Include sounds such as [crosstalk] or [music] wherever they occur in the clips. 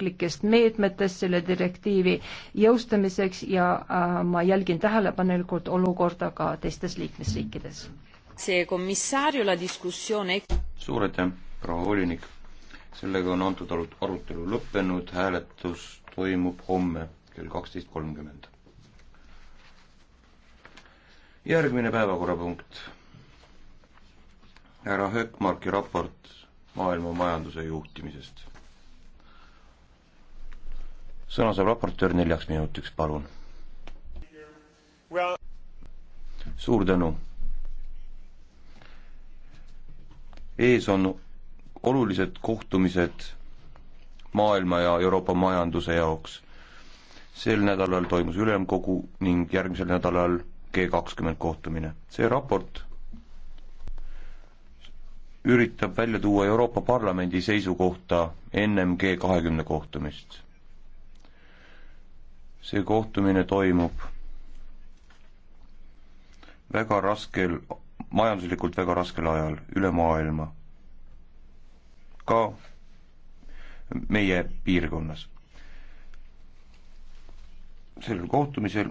riiklikest meetmetest selle direktiivi jõustamiseks ja äh, ma jälgin tähelepanelikult olukorda ka teistes liikmesriikides. see komissario la discussione. suur aitäh, proua volinik. sellega on antud arutelu lõppenud, hääletus toimub homme kell kaksteist kolmkümmend. järgmine päevakorrapunkt. härra Höökmarki raport maailma majanduse juhtimisest sõna saab raportöör neljaks minutiks, palun. suur tänu. ees on olulised kohtumised maailma ja Euroopa majanduse jaoks. sel nädalal toimus ülemkogu ning järgmisel nädalal G kakskümmend kohtumine. see raport üritab välja tuua Euroopa Parlamendi seisukohta ennem G kahekümne kohtumist see kohtumine toimub väga raskel, majanduslikult väga raskel ajal üle maailma, ka meie piirkonnas. sellel kohtumisel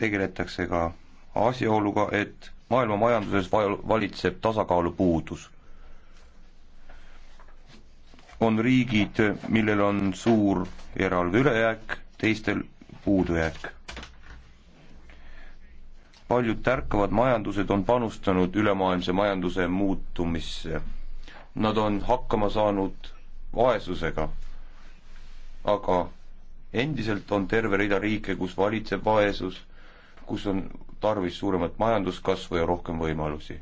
tegeletakse ka asjaoluga, et maailma majanduses val-, valitseb tasakaalu puudus. on riigid, millel on suur eraldi ülejääk teistel puudujääk. paljud tärkavad majandused on panustanud ülemaailmse majanduse muutumisse. Nad on hakkama saanud vaesusega, aga endiselt on terve rida riike, kus valitseb vaesus, kus on tarvis suuremat majanduskasvu ja rohkem võimalusi.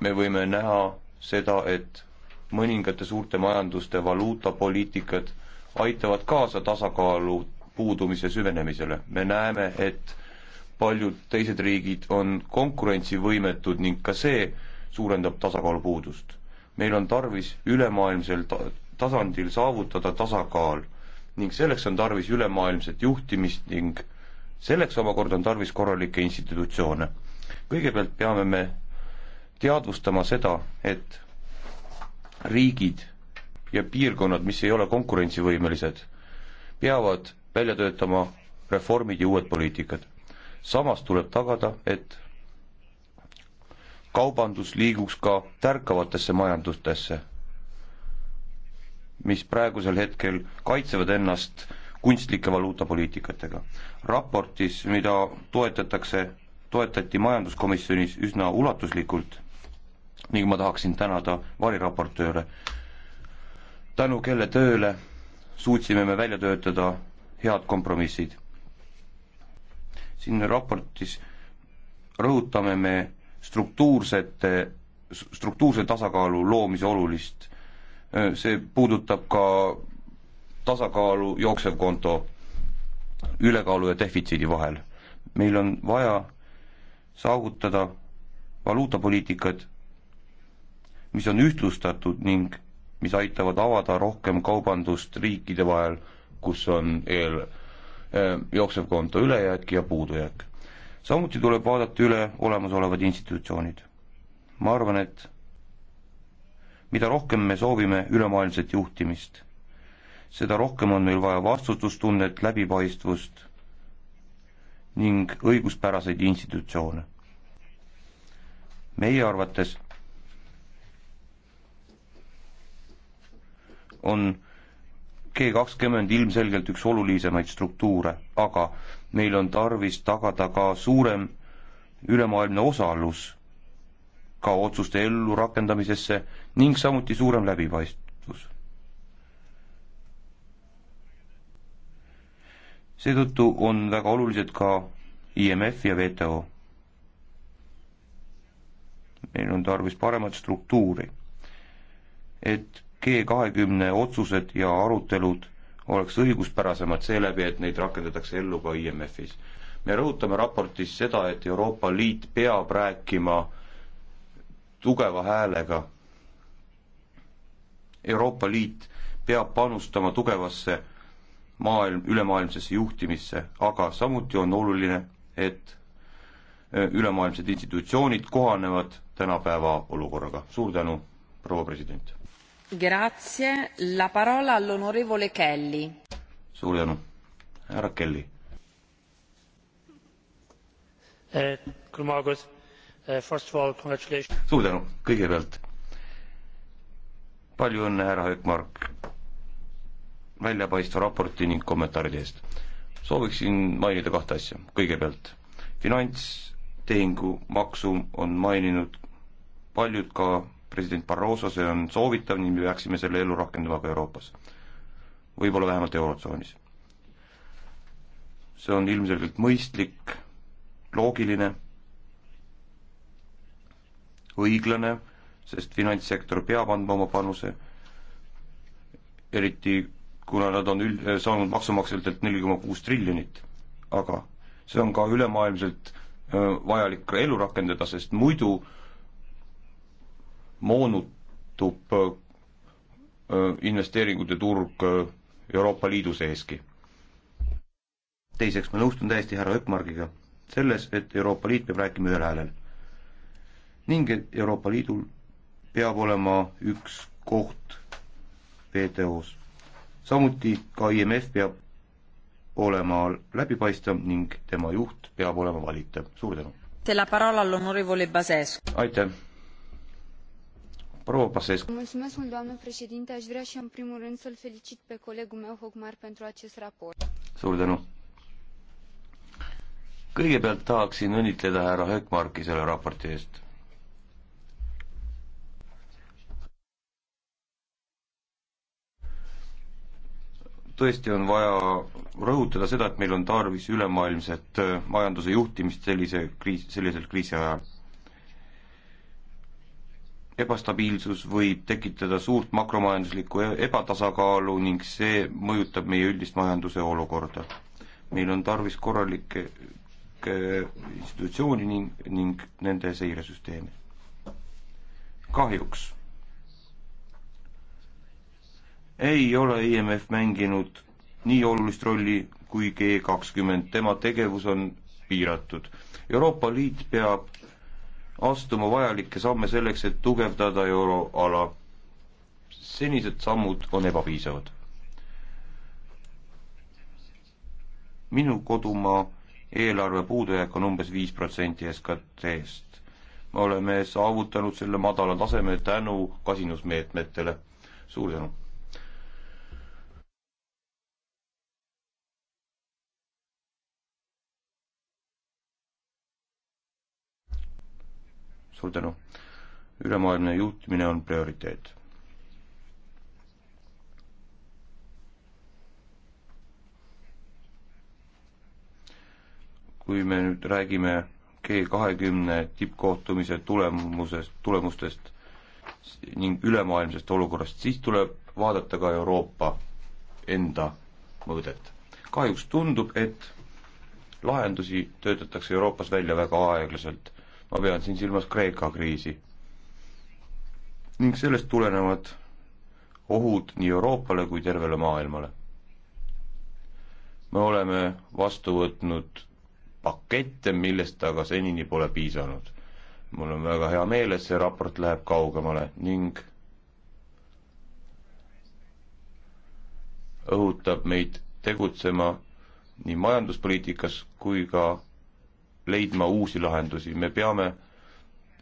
me võime näha seda, et mõningate suurte majanduste valuutapoliitikad aitavad kaasa tasakaalu puudumise süvenemisele. me näeme, et paljud teised riigid on konkurentsivõimetud ning ka see suurendab tasakaalu puudust. meil on tarvis ülemaailmsel ta-, tasandil saavutada tasakaal ning selleks on tarvis ülemaailmset juhtimist ning selleks omakorda on tarvis korralikke institutsioone. kõigepealt peame me teadvustama seda, et riigid ja piirkonnad, mis ei ole konkurentsivõimelised, peavad välja töötama reformid ja uued poliitikad. samas tuleb tagada, et kaubandus liiguks ka tärkavatesse majandustesse, mis praegusel hetkel kaitsevad ennast kunstlike valuutapoliitikatega. raportis, mida toetatakse, toetati majanduskomisjonis üsna ulatuslikult ning ma tahaksin tänada variraportööre, tänu kelle tööle suutsime me välja töötada head kompromissid. siin raportis rõhutame me struktuursete, struktuurse tasakaalu loomise olulist, see puudutab ka tasakaalu jooksev konto ülekaalu ja defitsiidi vahel. meil on vaja saavutada valuutapoliitikat, mis on ühtlustatud ning mis aitavad avada rohkem kaubandust riikide vahel, kus on eel eh, jooksev konto ülejääk ja puudujääk. samuti tuleb vaadata üle olemasolevad institutsioonid. ma arvan, et mida rohkem me soovime ülemaailmset juhtimist, seda rohkem on meil vaja vastutustunnet, läbipaistvust ning õiguspäraseid institutsioone. meie arvates on G kakskümmend ilmselgelt üks olulisemaid struktuure, aga meil on tarvis tagada ka suurem ülemaailmne osalus ka otsuste ellurakendamisesse ning samuti suurem läbipaistvus. seetõttu on väga olulised ka IMF ja WTO. meil on tarvis paremat struktuuri, et G kahekümne otsused ja arutelud oleks õiguspärasemad seeläbi, et neid rakendatakse ellu ka IMF-is. me rõhutame raportis seda, et Euroopa Liit peab rääkima tugeva häälega. Euroopa Liit peab panustama tugevasse maailm, ülemaailmsesse juhtimisse, aga samuti on oluline, et ülemaailmsed institutsioonid kohanevad tänapäeva olukorraga. suur tänu, proua president! Grazie, la parola all'onorevole Kelly. suur tänu, härra Kelly. Eh, eh, suur tänu, kõigepealt palju õnne, härra Hökmark, väljapaistva raporti ning kommentaaride eest. sooviksin mainida kahte asja, kõigepealt finantstehingu maksu on maininud paljud ka president Barroso, see on soovitav ning me peaksime selle ellu rakendama ka Euroopas. võib-olla vähemalt Eurotsoonis. see on ilmselgelt mõistlik, loogiline, õiglane, sest finantssektor peab andma oma panuse, eriti kuna nad on üld-, saanud maksumaksjatelt neli koma kuus triljonit, aga see on ka ülemaailmselt vajalik ka ellu rakendada, sest muidu äh, moonutub äh, investeeringute turg äh, Euroopa Liidu seeski. teiseks, ma nõustun täiesti härra Ökmargiga selles, et Euroopa Liit peab rääkima ühel häälel. ning et Euroopa Liidul peab olema üks koht WTO-s. samuti ka IMF peab olema läbipaistev ning tema juht peab olema valitav. suur tänu! aitäh! proua Pasescu. Mulțumesc mult, doamnă președinte. Aș vrea și în primul rând să-l felicit pe colegul meu, Hogmar, pentru acest raport. suur tänu. kõigepealt tahaksin õnnitleda härra Hökmarki selle raporti eest. tõesti on vaja rõhutada seda, et meil on tarvis ülemaailmset äh, majanduse juhtimist sellise kriis, sellisel kriisi ajal ebastabiilsus võib tekitada suurt makromajanduslikku e- ebatasakaalu ning see mõjutab meie üldist majanduse olukorda. meil on tarvis korralikke äh, institutsiooni ning, ning nende seiresüsteemi. kahjuks ei ole IMF mänginud nii olulist rolli kui G kakskümmend, tema tegevus on piiratud. Euroopa Liit peab astuma vajalikke samme selleks, et tugevdada euroala. senised sammud on ebapiisavad. minu kodumaa eelarve puudujääk on umbes viis protsenti SKT-st. me oleme saavutanud selle madala taseme tänu kasinusmeetmetele. suur tänu! suur tänu. ülemaailmne juhtimine on prioriteet. kui me nüüd räägime G kahekümne tippkohtumise tulemusest, tulemustest ning ülemaailmsest olukorrast, siis tuleb vaadata ka Euroopa enda mõõdet. kahjuks tundub, et lahendusi töötatakse Euroopas välja väga aeglaselt ma pean siin silmas Kreeka kriisi. ning sellest tulenevad ohud nii Euroopale kui tervele maailmale. me oleme vastu võtnud pakette, millest aga senini pole piisanud. mul on väga hea meel, et see raport läheb kaugemale ning õhutab meid tegutsema nii majanduspoliitikas kui ka leidma uusi lahendusi, me peame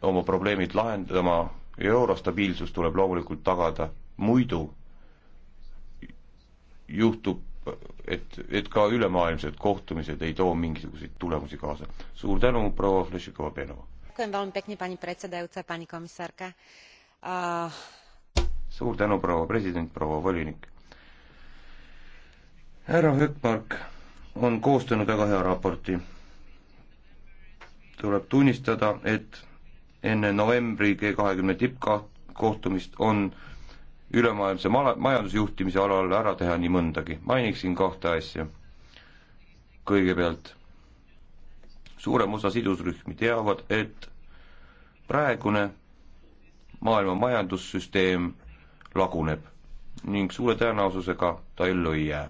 oma probleemid lahendama, eurostabiilsus tuleb loomulikult tagada, muidu juhtub, et, et ka ülemaailmsed kohtumised ei too mingisuguseid tulemusi kaasa. suur tänu, proua Flešikova-Penova! suur tänu, proua president, proua volinik! härra Hökmark on koostanud väga hea raporti tuleb tunnistada, et enne novembri G kahekümne tippkohtumist on ülemaailmse mala-, majandusjuhtimise alal ära teha nii mõndagi. mainiksin kahte asja. kõigepealt, suurem osa sidusrühmi teavad, et praegune maailma majandussüsteem laguneb ning suure tõenäosusega ta ellu ei jää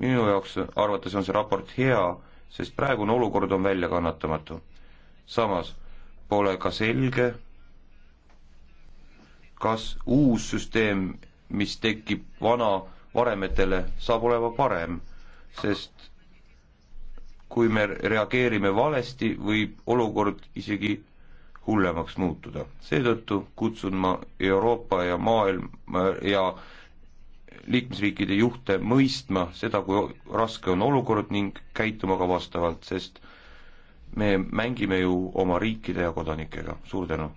minu jaoks arvates on see raport hea, sest praegune olukord on väljakannatamatu. samas pole ka selge, kas uus süsteem, mis tekib vana varemetele, saab olema parem, sest kui me reageerime valesti, võib olukord isegi hullemaks muutuda. seetõttu kutsun ma Euroopa ja maailma ja äh, liikmesriikide juhte mõistma seda, kui raske on olukord ning käituma ka vastavalt, sest me mängime ju oma riikide ja kodanikega, suur tänu.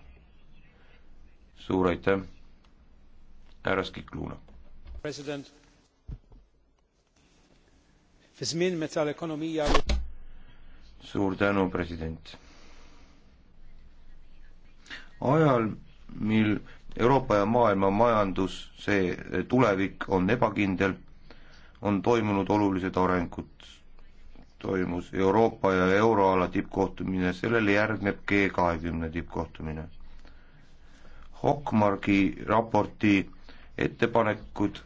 suur aitäh, härra Skikluna. president. suur tänu, president. ajal, mil Euroopa ja maailma majandus, see eh, tulevik on ebakindel, on toimunud olulised arengud. toimus Euroopa ja euroala tippkohtumine, sellele järgneb G kahekümne tippkohtumine. Hockmargi raporti ettepanekud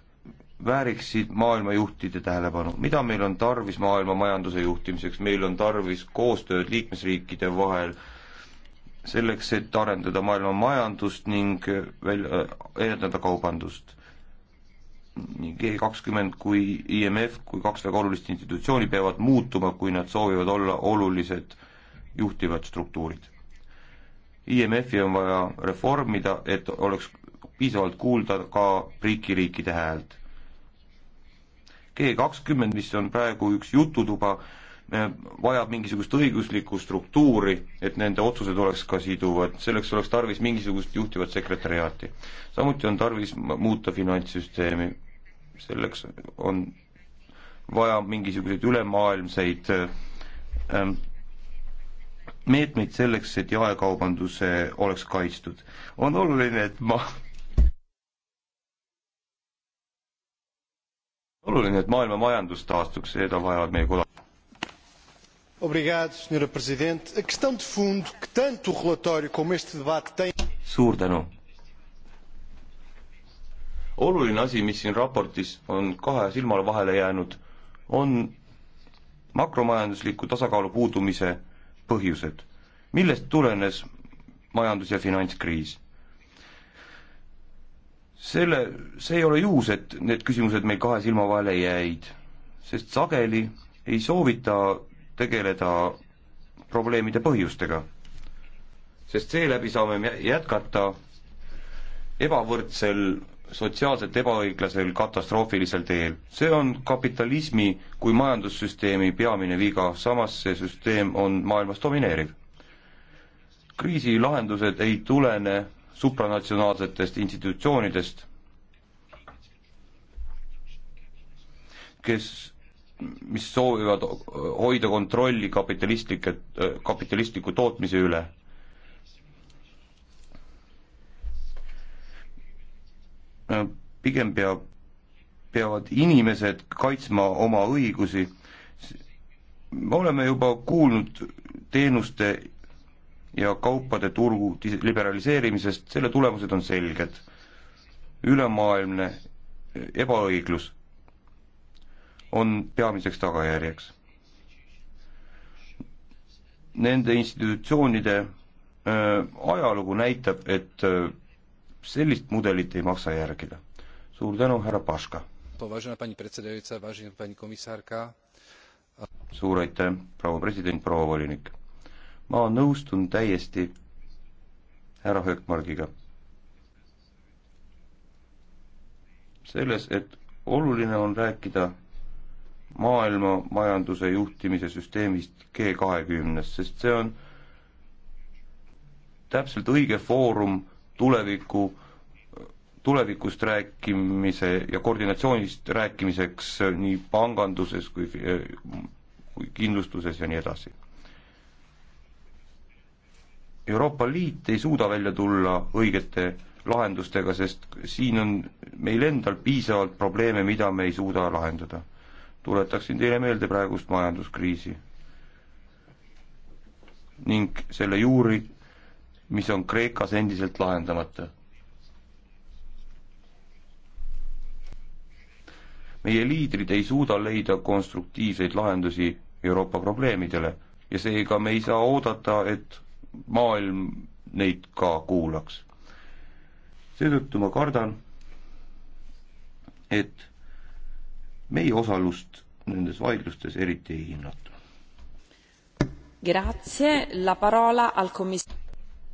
vääriksid maailmajuhtide tähelepanu, mida meil on tarvis maailma majanduse juhtimiseks, meil on tarvis koostööd liikmesriikide vahel äh,, selleks, et arendada maailma majandust ning äh, välja, äh, edendada kaubandust. nii G kakskümmend kui IMF kui kaks väga olulist institutsiooni peavad muutuma, kui nad soovivad olla olulised juhtivad struktuurid. IMF-i on vaja reformida, et oleks piisavalt kuulda ka BRICS-i riikide häält G kakskümmend, mis on praegu üks jututuba, Äh, vajab mingisugust õiguslikku struktuuri, et nende otsused oleks ka siduvad, selleks oleks tarvis mingisugust juhtivat sekretäriaati. samuti on tarvis muuta finantssüsteemi, selleks on vaja mingisuguseid ülemaailmseid äh, ähm, meetmeid selleks, et jaekaubandus oleks kaitstud. on oluline, et ma [laughs] oluline, et maailma majandus taastuks, seda vajavad meie kodanikud suur tänu. oluline asi, mis siin raportis on kahe silmale vahele jäänud, on makromajandusliku tasakaalu puudumise põhjused. millest tulenes majandus- ja finantskriis? selle, see ei ole juhus, et need küsimused meil kahe silma vahele jäid, sest sageli ei soovita tegeleda probleemide põhjustega. sest seeläbi saame jätkata ebavõrdsel, sotsiaalselt ebaõiglasel, katastroofilisel teel. see on kapitalismi kui majandussüsteemi peamine viga, samas see süsteem on maailmas domineeriv. kriisi lahendused ei tulene supranatsionaalsetest institutsioonidest, kes mis soovivad hoida kontrolli kapitalistlike, kapitalistliku tootmise üle. pigem peab, peavad inimesed kaitsma oma õigusi, me oleme juba kuulnud teenuste ja kaupade turgu liberaliseerimisest, selle tulemused on selged. ülemaailmne ebaõiglus on peamiseks tagajärjeks. Nende institutsioonide äh, ajalugu näitab, et äh, sellist mudelit ei maksa järgida. suur tänu, härra Paška! suur aitäh, proua president, proua volinik! ma nõustun täiesti härra Höökmargiga selles, et oluline on rääkida maailma majanduse juhtimise süsteemist G kahekümnes, sest see on täpselt õige foorum tuleviku, tulevikust rääkimise ja koordinatsioonist rääkimiseks nii panganduses kui, kui kindlustuses ja nii edasi. Euroopa Liit ei suuda välja tulla õigete lahendustega, sest siin on meil endal piisavalt probleeme, mida me ei suuda lahendada tuletaksin teile meelde praegust majanduskriisi ning selle juuri, mis on Kreekas endiselt lahendamata. meie liidrid ei suuda leida konstruktiivseid lahendusi Euroopa probleemidele ja seega me ei saa oodata, et maailm neid ka kuulaks. seetõttu ma kardan, et meie osalust nendes vaidlustes eriti ei hinnata. Grazie, la parola al commis-.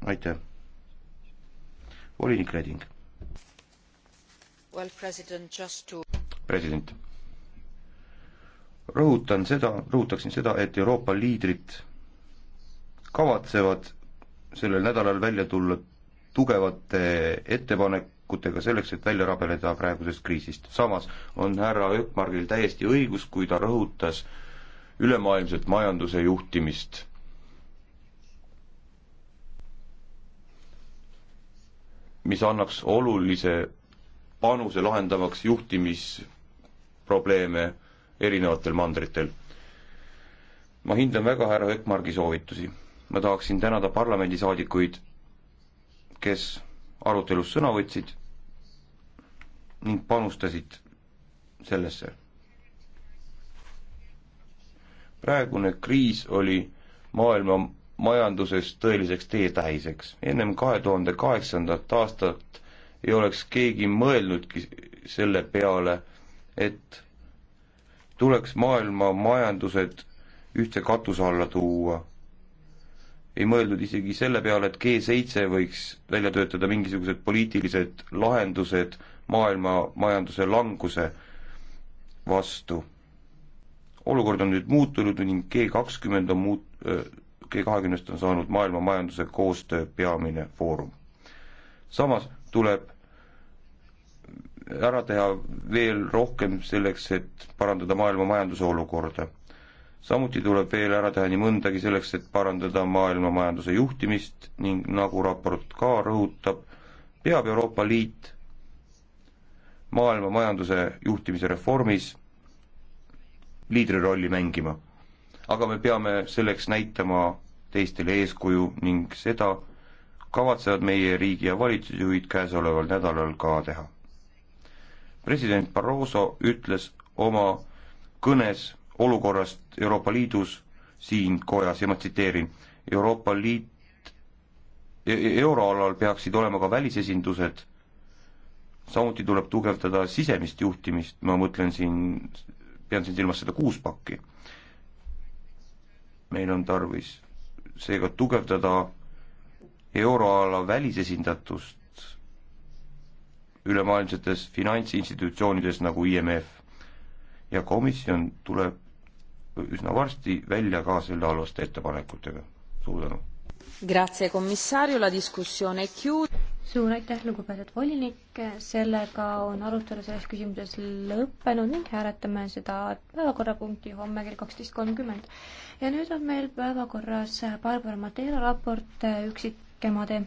aitäh. volinik Reding. Well, president, just to president. rõhutan seda, rõhutaksin seda, et Euroopa liidrid kavatsevad sellel nädalal välja tulla tugevate ettepanek-, valikutega selleks, et välja rabeleda praegusest kriisist. samas on härra Ökmargil täiesti õigus, kui ta rõhutas ülemaailmset majanduse juhtimist. mis annaks olulise panuse lahendavaks juhtimisprobleeme erinevatel mandritel. ma hindan väga härra Ökmargi soovitusi. ma tahaksin tänada parlamendisaadikuid, kes arutelus sõna võtsid ning panustasid sellesse. praegune kriis oli maailma majanduses tõeliseks teetähiseks. ennem kahe tuhande kaheksandat aastat ei oleks keegi mõelnudki selle peale, et tuleks maailma majandused ühte katuse alla tuua. ei mõeldud isegi selle peale, et G7 võiks välja töötada mingisugused poliitilised lahendused maailma majanduse languse vastu. olukord on nüüd muutunud ning G kakskümmend on muut-, G kahekümnest on saanud maailma majanduse koostöö peamine foorum. samas tuleb ära teha veel rohkem selleks, et parandada maailma majanduse olukorda. samuti tuleb veel ära teha nii mõndagi selleks, et parandada maailma majanduse juhtimist ning nagu raport ka rõhutab, peab Euroopa Liit maailma majanduse juhtimise reformis liidrirolli mängima. aga me peame selleks näitama teistele eeskuju ning seda kavatsevad meie riigi- ja valitsusjuhid käesoleval nädalal ka teha. president Barroso ütles oma kõnes olukorrast Euroopa Liidus siin kojas ja ma tsiteerin, Euroopa Liit e-, euroalal peaksid olema ka välisesindused samuti tuleb tugevdada sisemist juhtimist, ma mõtlen siin, pean siin silmas seda kuuspakki. meil on tarvis seega tugevdada euroala välisesindatust ülemaailmsetes finantsinstitutsioonides nagu IMF ja komisjon tuleb üsna varsti välja ka selle alaste ettepanekutega. suur tänu! Grazie, komissario, la discussione chiud-. suur aitäh, lugupeetud volinik, sellega on arutelu selles küsimuses lõppenud ning hääletame seda päevakorrapunkti homme kell kaksteist kolmkümmend. ja nüüd on meil päevakorras Barbara Matera raport üksikemade